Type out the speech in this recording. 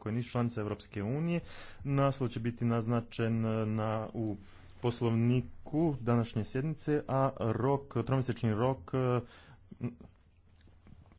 koje nisu članice Europske unije. Naslov će biti naznačen e, na, u poslovniku današnje sjednice, a rok, tromjesečni rok e,